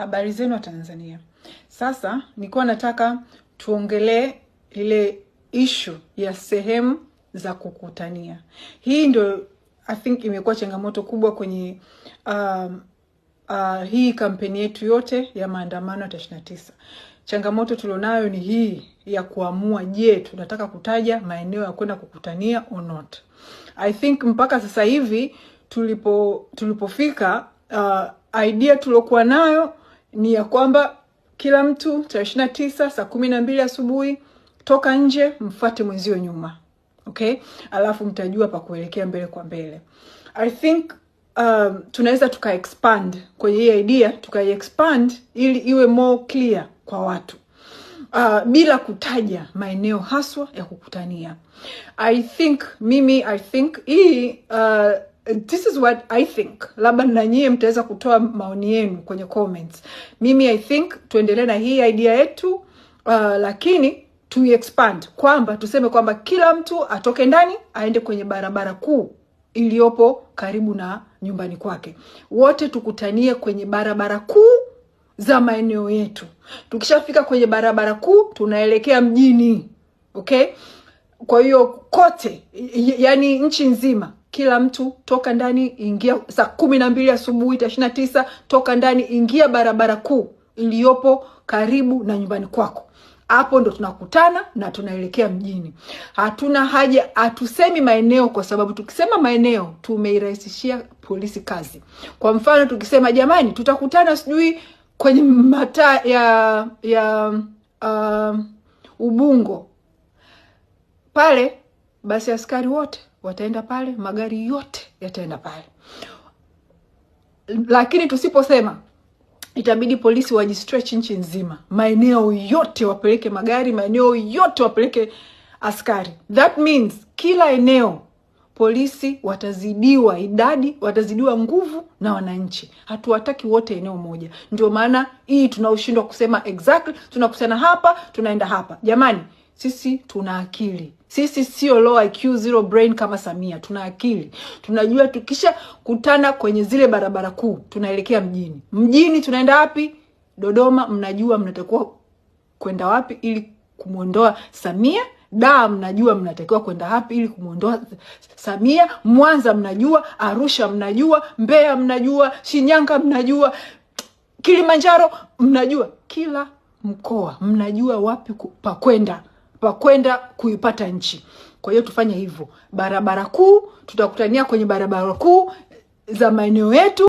Habari zenu wa Tanzania. Sasa nilikuwa nataka tuongelee ile ishu ya sehemu za kukutania. Hii ndio I think imekuwa changamoto kubwa kwenye um, uh, hii kampeni yetu yote ya maandamano ya tarehe tisa. Changamoto tulionayo ni hii ya kuamua, je, tunataka kutaja maeneo ya kwenda kukutania or not. I think mpaka sasa hivi tulipo tulipofika, uh, idea tuliokuwa nayo ni ya kwamba kila mtu tarehe ishirini na tisa saa kumi na mbili asubuhi toka nje, mfate mwenzio nyuma, okay? Alafu mtajua pa kuelekea mbele kwa mbele. I think um, tunaweza tukaexpand kwenye hii idea tukaiexpand ili iwe more clear kwa watu uh, bila kutaja maeneo haswa ya kukutania. I think mimi I think hii uh, Eh, this is what I think, labda na nyie mtaweza kutoa maoni yenu kwenye comments. Mimi I think tuendelee na hii idea yetu uh, lakini tu expand kwamba tuseme kwamba kila mtu atoke ndani aende kwenye barabara kuu iliyopo karibu na nyumbani kwake. Wote tukutanie kwenye barabara kuu za maeneo yetu. Tukishafika kwenye barabara kuu tunaelekea mjini, okay? Kwa hiyo kote, yani nchi nzima kila mtu toka ndani, ingia saa kumi na mbili asubuhi tarehe ishirini na tisa toka ndani, ingia barabara kuu iliyopo karibu na nyumbani kwako. Hapo ndo tunakutana na tunaelekea mjini. Hatuna haja, hatusemi maeneo, kwa sababu tukisema maeneo tumeirahisishia polisi kazi. Kwa mfano tukisema jamani, tutakutana sijui kwenye mataa ya ya uh, Ubungo pale basi askari wote wataenda pale, magari yote yataenda pale. Lakini tusiposema itabidi polisi stretch nchi nzima, maeneo yote wapeleke magari, maeneo yote wapeleke askari. That means kila eneo polisi watazidiwa idadi, watazidiwa nguvu na wananchi. Hatuwataki wote eneo moja. Ndio maana hii tunaoshindwa kusema exactly, tunakutana hapa, tunaenda hapa. Jamani, sisi tuna akili, sisi sio low IQ zero brain kama Samia. Tuna akili, tunajua tukisha kutana kwenye zile barabara kuu tunaelekea mjini. Mjini tunaenda wapi? Dodoma. Mnajua mnatakiwa kwenda wapi ili kumwondoa Samia. Daa mnajua mnatakiwa kwenda wapi ili kumwondoa Samia. Mwanza mnajua, Arusha mnajua, Mbeya mnajua, Shinyanga mnajua, Kilimanjaro mnajua, kila mkoa mnajua wapi pa kwenda wa kwenda kuipata nchi. Kwa hiyo tufanye hivyo, barabara kuu tutakutania kwenye barabara kuu za maeneo yetu.